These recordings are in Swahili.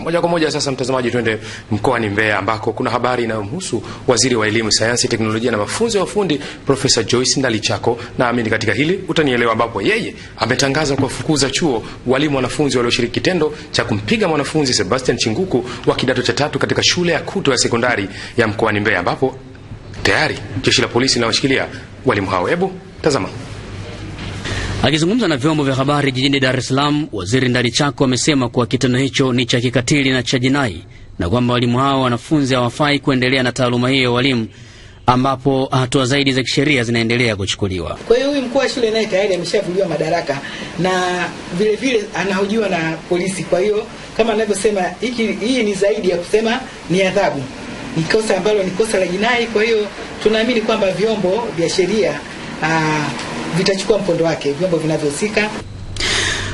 Moja kwa moja sasa, mtazamaji, twende mkoani Mbeya ambako kuna habari inayomhusu waziri wa elimu, sayansi, teknolojia na mafunzo ya ufundi Profesa Joyce Ndalichako. Naamini katika hili utanielewa, ambapo yeye ametangaza kuwafukuza chuo walimu wanafunzi walioshiriki kitendo cha kumpiga mwanafunzi Sebastian Chinguku wa kidato cha tatu katika shule ya Kuto ya sekondari ya mkoani Mbeya, ambapo tayari jeshi la polisi linawashikilia walimu hao. Hebu tazama. Akizungumza na vyombo vya habari jijini Dar es Salaam, waziri Chako amesema kuwa kitendo hicho ni cha kikatili na cha jinai na kwamba walimu hao wanafunzi hawafai kuendelea na taaluma hiyo ya walimu, ambapo hatua zaidi za kisheria zinaendelea kuchukuliwa. Kwa hiyo huyu mkuu wa shule naye tayari ameshavuliwa madaraka na vile anahojiwa na polisi. Kwa hiyo kama anavyosema, hii ni zaidi ya kusema ni adhabu, ni kosa ambalo ni kosa la jinai. Kwa hiyo tunaamini kwamba vyombo vya sheria ah, vitachukua mkondo wake vyombo vinavyohusika.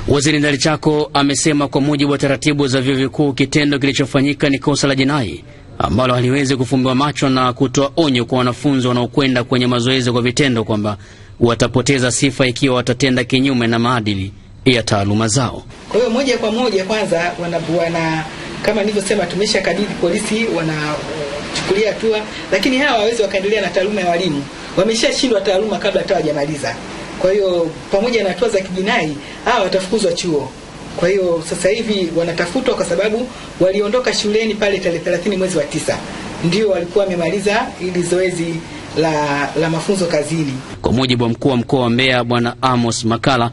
Waziri Ndalichako amesema kwa mujibu wa taratibu za vyuo vikuu kitendo kilichofanyika ni kosa la jinai ambalo haliwezi kufumbiwa macho na kutoa onyo kwa wanafunzi wanaokwenda kwenye mazoezi kwa vitendo kwamba watapoteza sifa ikiwa watatenda kinyume na maadili ya taaluma zao. Kwa hiyo moja kwa moja kwanza wana, wana kama nilivyosema tumeshakabidhi polisi, wanachukulia hatua, lakini hawa hawawezi wakaendelea na taaluma ya walimu wameshashindwa taaluma kabla hata hawajamaliza. Kwa hiyo pamoja na hatua za kijinai, hawa watafukuzwa chuo. Kwa hiyo sasa hivi wanatafutwa kwa sababu waliondoka shuleni pale tarehe 30 mwezi wa tisa, ndio walikuwa wamemaliza ili zoezi la, la mafunzo kazini. Kwa mujibu wa mkuu wa mkoa wa Mbeya Bwana Amos Makala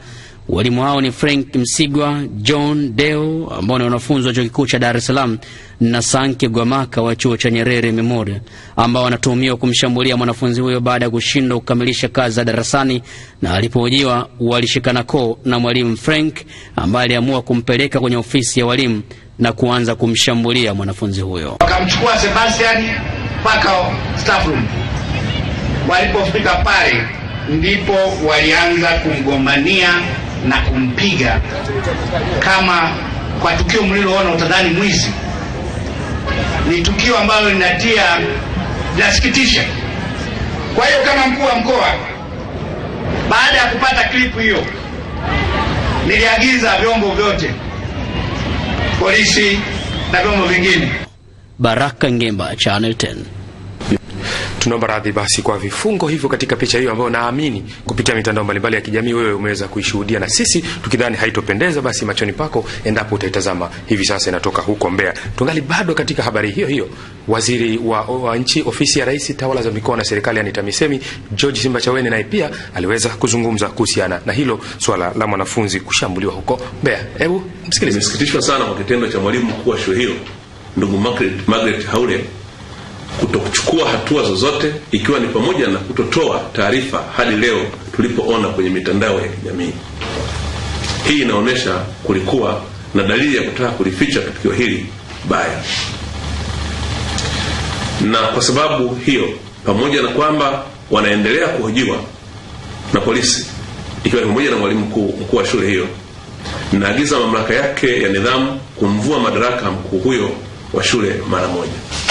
Walimu hao ni Frank Msigwa, John Deo ambao ni wanafunzi wa chuo kikuu cha Dar es Salaam na Sanke Gwamaka wa chuo cha Nyerere Memorial ambao wanatuhumiwa kumshambulia mwanafunzi huyo baada ya kushindwa kukamilisha kazi za darasani, na alipohojiwa walishikana koo na mwalimu Frank ambaye aliamua kumpeleka kwenye ofisi ya walimu na kuanza kumshambulia mwanafunzi huyo. Wakamchukua Sebastian mpaka staff room. Walipofika pale ndipo walianza kumgombania na kumpiga kama kwa tukio mliloona utadhani mwizi. Ni tukio ambalo linatia, linasikitisha. Kwa hiyo kama mkuu wa mkoa, baada ya kupata klipu hiyo, niliagiza vyombo vyote, polisi na vyombo vingine. Baraka Ngemba, Channel 10. Tunaomba radhi basi kwa vifungo hivyo katika picha hiyo ambayo naamini kupitia mitandao mbalimbali ya kijamii wewe umeweza kuishuhudia, na sisi tukidhani haitopendeza basi machoni pako endapo utaitazama hivi sasa. Inatoka huko mbea Tungali bado katika habari hiyo hiyo. Waziri wa, wa nchi ofisi ya Rais, tawala za mikoa na serikali, yani TAMISEMI, George simba chaweni naye pia aliweza kuzungumza kuhusiana na hilo swala la mwanafunzi kushambuliwa huko mbea Hebu msikilize. Nimesikitishwa sana kwa kitendo cha mwalimu mkuu wa shule hiyo ndugu Margaret Haule kutokuchukua hatua zozote, ikiwa ni pamoja na kutotoa taarifa hadi leo tulipoona kwenye mitandao ya kijamii. Hii inaonyesha kulikuwa na dalili ya kutaka kulificha tukio hili baya, na kwa sababu hiyo, pamoja na kwamba wanaendelea kuhojiwa na polisi, ikiwa ni pamoja na mwalimu mkuu mkuu wa shule hiyo, naagiza mamlaka yake ya nidhamu kumvua madaraka mkuu huyo wa shule mara moja.